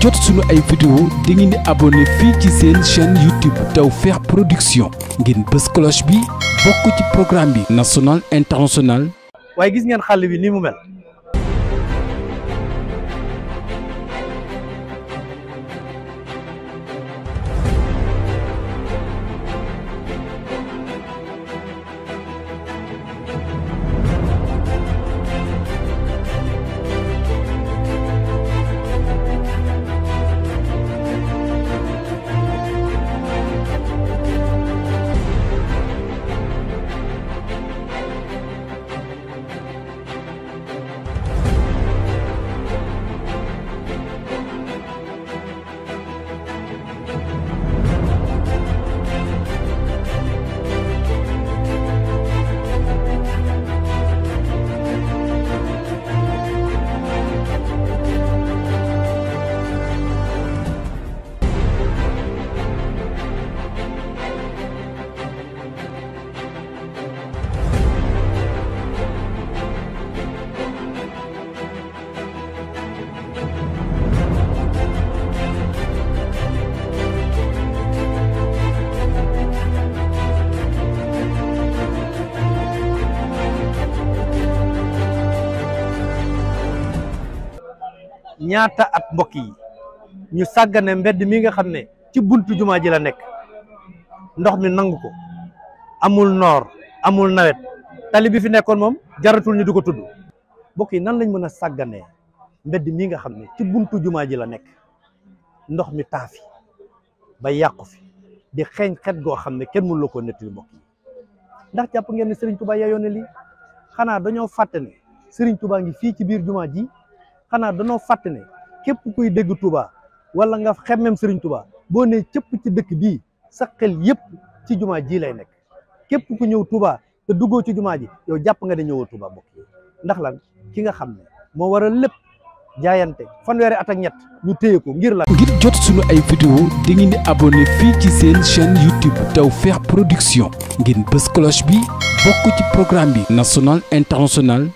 jot suñu ay vidéo da ngeen di abonné fii ci seen chaîne YouTube Tawfekh Production ngeen bës cloche bi bokk ci programme bi national international waaye gis ngeen xàll bi ni mu mel ñaata at mbokk yi ñu sàggane mbedd mii nga xam ne ci buntu jumaa ji la nekk ndox mi nangu ko amul noor amul nawet tali bi fi nekkoon moom jaratul ñu di ko tudd mbokk yi nan lañ mën a sàgganee mbedd mii nga xam ne ci buntu jumaa ji la nekk ndox mi taa ba yàqu fi di xeeñ xet goo xam ne kenn mënu la ko nettali mbokk yi ndax jàpp ngeen sëriñ Serigne Touba yaayoon na lii xanaa dañoo fàtte ne Serigne Touba ngi fii ci biir jumaa ji xanaa danoo fàtte ne képp kuy dégg Touba wala nga xemmem Serigne Touba boo nee cëpp ci dëkk bii sa xel yëpp ci jumaa ji lay nekk képp ku ñëw Touba te duggoo ci jumaa ji yow jàpp nga ne ñëwoo Touba bokk ndax lan ki nga xam ne moo waral lépp jaayante fanweeri at ñett ñu téye ko ngir la. ngir jot suñu ay vidéo di ngeen di abonné fii ci seen chaîne YouTube Tawfekh Production ngeen bës cloche bi bokk ci programme bi national international.